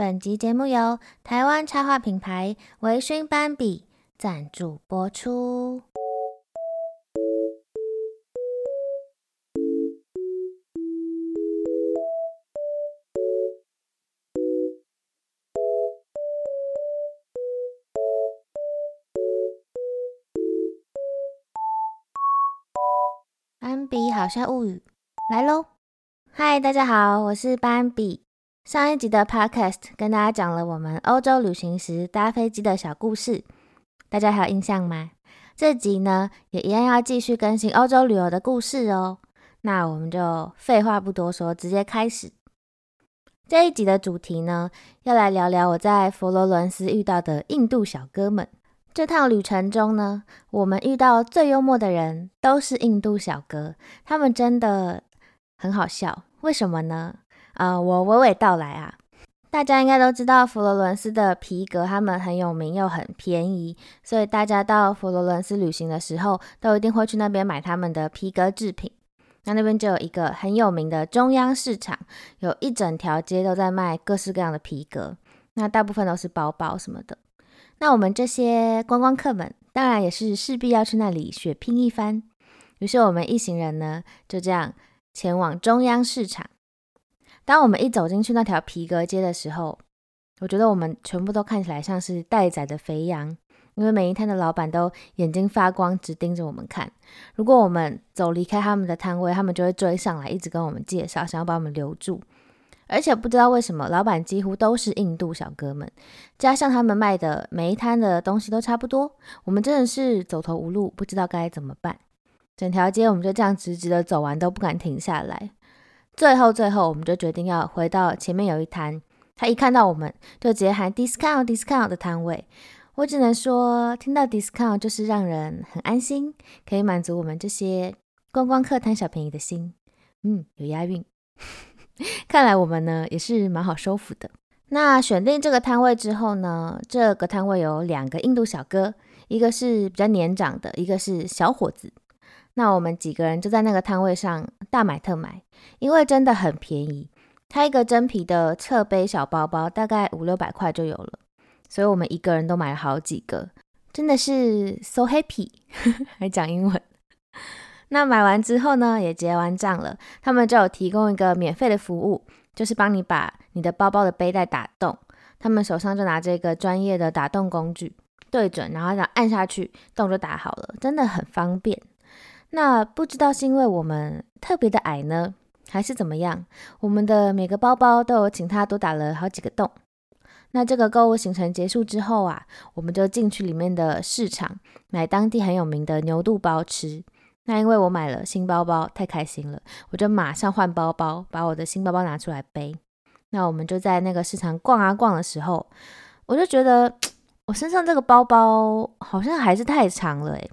本集節目由台灣插畫品牌維訊斑比贊助播出。斑比好笑物語來嘍！嗨，大家好，我是斑比。上一集的 Podcast 跟大家講了我們歐洲旅行時搭飛機的小故事，大家還有印象嗎？這集呢，也一樣要繼續更新歐洲旅遊的故事哦。那我們就廢話不多說，直接開始。這一集的主題呢，要來聊聊我在佛羅倫斯遇到的印度小哥們。這趟旅程中呢，我們遇到最幽默的人都是印度小哥，他們真的很好笑。為什麼呢？啊、呃，我娓娓道來啊，大家應該都知道佛羅倫斯的皮革，他們很有名又很便宜，所以大家到佛羅倫斯旅行的時候，都一定會去那邊買他們的皮革制品。那那邊就有一個很有名的中央市場，有一整條街都在賣各式各樣的皮革，那大部分都是包包什麼的。那我們這些觀光客們，當然也是勢必要去那裡血拼一番。於是我們一行人呢，就這樣前往中央市場。當我們一走進去那條皮革街的時候，我覺得我們全部都看起來像是待宰的肥羊，因為每一攤的老板都眼睛發光，直盯着我們看。如果我們走離開他們的攤位，他們就會追上來，一直跟我們介紹，想要把我們留住。而且不知道為什麼，老板幾乎都是印度小哥們，加上他們賣的每一攤的東西都差不多，我們真的是走投無路，不知道該怎麼辦。整條街我們就這樣直直的走完，都不敢停下來。最後，最後，我們就決定要回到前面有一攤，他一看到我們就直接喊 discount discount 的攤位。我只能說，聽到 discount 就是讓人很安心，可以滿足我們這些觀光客貪小便宜的心。嗯，有押韻。 看來我們呢也是蠻好收服的。那選定這個攤位之後呢，這個攤位有兩個印度小哥，一個是比較年長的，一個是小夥子。那我們幾個人就在那個攤位上大買特買，因為真的很便宜。他一個真皮的側背小包包，大概五六百塊就有了。所以我們一個人都買了好幾個，真的是 so happy，呵呵還講英文。那買完之後呢，也結完賬了，他們就有提供一個免費的服務，就是幫你把你的包包的背帶打洞。他們手上就拿着一個專業的打洞工具，對準，然後這樣按下去，洞就打好了，真的很方便。那不知道是因為我們特別的矮呢，還是怎麼樣？我們的每個包包都有請他多打了好幾個洞。那這個購物行程結束之後啊，我們就進去裡面的市場買當地很有名的牛肚包吃。那因為我買了新包包，太開心了，我就馬上換包包，把我的新包包拿出來背。那我們就在那個市場逛啊逛的時候，我就覺得我身上這個包包好像還是太長了誒、欸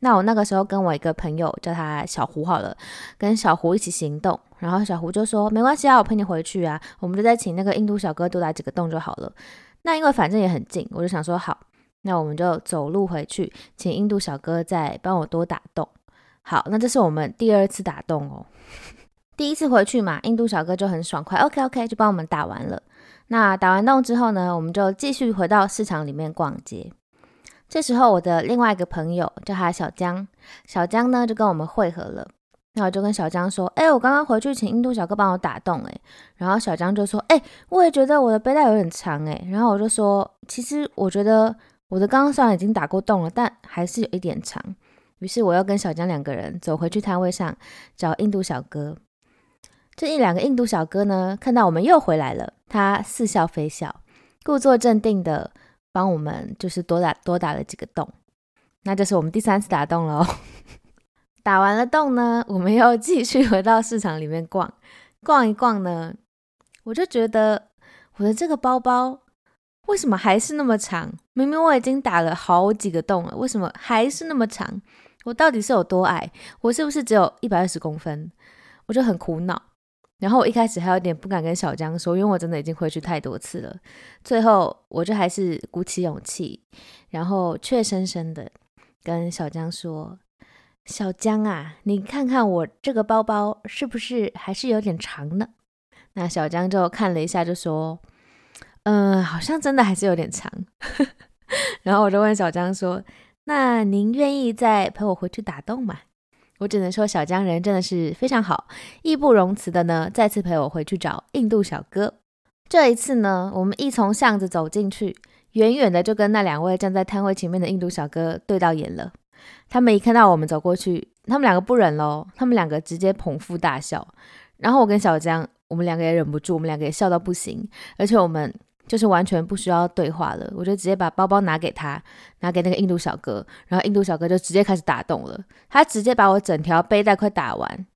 那我那個時候跟我一個朋友，叫他小胡好了，跟小胡一起行動。然後小胡就說：“沒關係啊，我陪你回去啊。”我們就再請那個印度小哥多打幾個洞就好了。那因為反正也很近，我就想說好，那我們就走路回去，請印度小哥再幫我多打洞。好，那這是我們第二次打洞哦。第一次回去嘛，印度小哥就很爽快，OK OK，就幫我們打完了。那打完洞之後呢，我們就繼續回到市場裡面逛街。這時候，我的另外一個朋友叫他小江，小江呢就跟我們會合了。那我就跟小江說：“哎、欸，我剛剛回去請印度小哥幫我打洞。”哎，然後小江就說：“哎、欸，我也覺得我的背帶有點長。”哎，然後我就說：“其實我覺得我的剛剛雖然已經打過洞了，但還是有一點長。”於是我又跟小江兩個人走回去攤位上找印度小哥。這一兩個印度小哥呢，看到我們又回來了，他似笑非笑，故作鎮定的。幫我們就是多打多打了幾個洞，那就是我們第三次打洞了。 打完了洞呢，我們又繼續回到市場裡面逛逛一逛呢。我就覺得我的這個包包為什麼還是那麼長？明明我已經打了好幾個洞了，為什麼還是那麼長？我到底是有多矮？我是不是只有一百二十公分？我就很苦惱。然後我一開始還有點不敢跟小江說，因為我真的已經回去太多次了。最後我就還是鼓起勇氣，然後怯生生的跟小江說：“小江啊，你看看我這個包包是不是還是有點長呢？”那小江就看了一下，就說：“嗯、呃，好像真的還是有點長。 ”然後我就問小江說：“那您願意再陪我回去打洞嗎？”我只能說，小江人真的是非常好，義不容辭的呢，再次陪我回去找印度小哥。這一次呢，我們一從巷子走進去，遠遠的就跟那兩位站在攤位前面的印度小哥對到眼了。他們一看到我們走過去，他們兩個不忍嘍，他們兩個直接捧腹大笑。然後我跟小江，我們兩個也忍不住，我們兩個也笑到不行，而且我們。就是完全不需要對話了，我就直接把包包拿給他，拿給那個印度小哥，然後印度小哥就直接開始打洞了。他直接把我整條背帶快打完，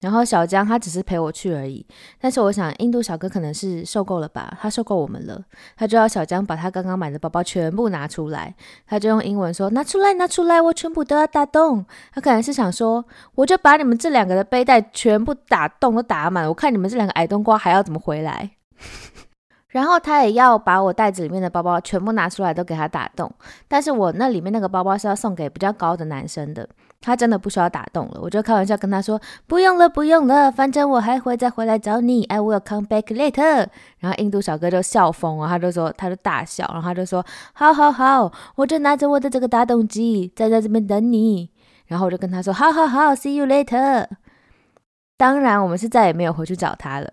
然後小江他只是陪我去而已。但是我想，印度小哥可能是受夠了吧，他受夠我們了，他就要小江把他剛剛買的包包全部拿出來，他就用英文說：“拿出來，拿出來，我全部都要打洞。”他可能是想說：“我就把你們這兩個的背帶全部打洞都打滿，我看你們這兩個矮冬瓜還要怎麼回來。”然後他也要把我袋子裡面的包包全部拿出來，都給他打洞。但是我那裡面那個包包是要送給比較高的男生的，他真的不需要打洞了。我就開玩笑跟他說：“不用了，不用了，反正我還會再回來找你，I will come back later。”然後印度小哥就笑瘋了，他就說，他就大笑，然後他就說：“好好好，我就拿着我的這個打洞機，在在這邊等你。”然後我就跟他說：“好好好，see you later。”當然，我們是再也沒有回去找他了。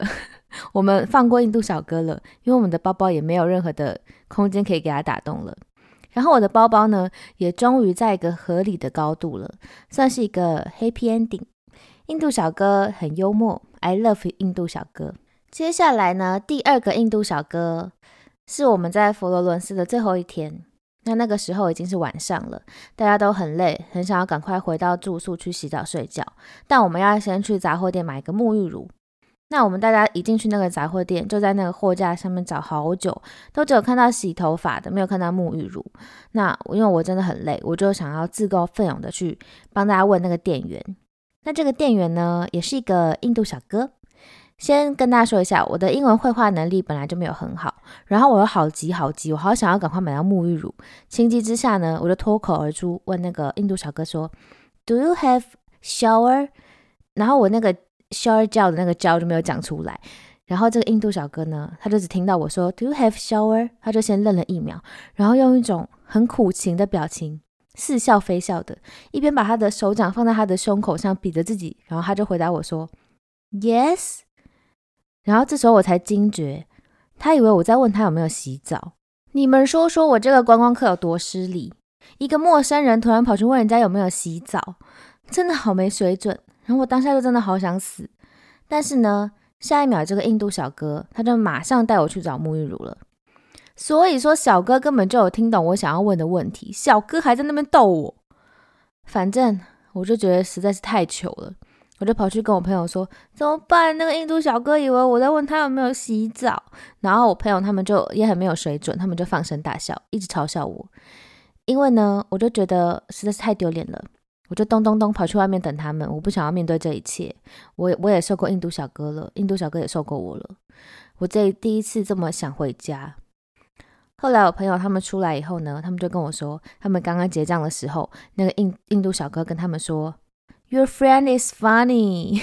我們放過印度小哥了，因為我們的包包也沒有任何的空間可以給他打洞了。然後我的包包呢，也終於在一個合理的高度了，算是一個 happy ending。印度小哥很幽默，I love 印度小哥。接下來呢，第二個印度小哥是我們在佛羅倫斯的最後一天。那那個時候已經是晚上了，大家都很累，很想要趕快回到住宿去洗澡睡覺。但我們要先去雜貨店買一個沐浴乳。那我們大家一進去那個雜貨店，就在那個貨架上面找好久，都只有看到洗頭髮的，沒有看到沐浴乳。那因為我真的很累，我就想要自告奮勇的去幫大家問那個店員。那這個店員呢，也是一個印度小哥。先跟大家說一下，我的英文會話能力本來就沒有很好，然後我又好急好急，我好想要趕快買到沐浴乳。情急之下呢，我就脫口而出問那個印度小哥說：“Do you have shower？” 然後我那個。shower gel 的那個 gel，就沒有講出來，然後這個印度小哥呢，他就只聽到我說 "Do you have shower？"，他就先愣了一秒，然後用一種很苦情的表情，似笑非笑的，一邊把他的手掌放在他的胸口上比着自己，然後他就回答我說 "Yes"，然後這時候我才驚覺，他以為我在問他有沒有洗澡。你們說說我這個觀光客有多失禮？一個陌生人突然跑去問人家有沒有洗澡，真的好沒水準。然後我當下就真的好想死，但是呢，下一秒這個印度小哥他就馬上帶我去找沐浴乳了。所以說，小哥根本就有聽懂我想要問的問題，小哥還在那邊逗我。反正我就覺得實在是太糗了，我就跑去跟我朋友說怎麼辦。那個印度小哥以為我在問他有沒有洗澡，然後我朋友他們就也很沒有水準，他們就放聲大笑，一直嘲笑我。因為呢，我就覺得實在是太丟臉了。我就咚咚咚跑去外面等他們，我不想要面對這一切。我我也受夠印度小哥了，印度小哥也受夠我了。我這第一次這麼想回家。後來我朋友他們出來以後呢，他們就跟我說，他們剛剛結賬的時候，那個印印度小哥跟他們說，Your friend is funny。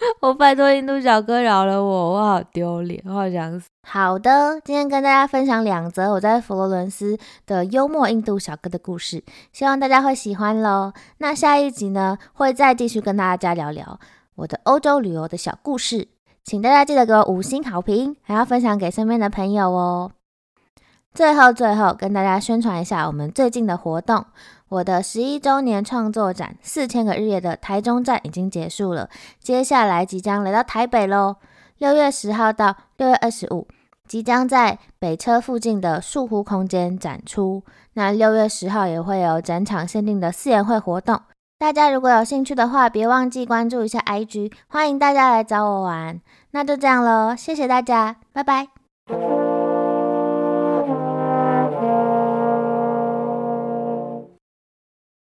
我拜託印度小哥饒了我，我好丟臉，我好想死。好的，今天跟大家分享兩則我在佛羅倫斯的幽默印度小哥的故事，希望大家會喜歡嘍。那下一集呢，會再繼續跟大家聊聊我的歐洲旅遊的小故事，請大家記得給我五星好評，還要分享給身邊的朋友哦。最後，最後跟大家宣傳一下我們最近的活動。我的十一周年創作展《四千個日夜》的台中站已經結束了，接下來即將來到台北嘍！六月十號到六月二十五，即將在北車附近的樹屋空間展出。那六月十號也會有展場限定的四連會活動，大家如果有興趣的話，別忘記關注一下 IG，歡迎大家來找我玩。那就這樣嘍，謝謝大家，拜拜。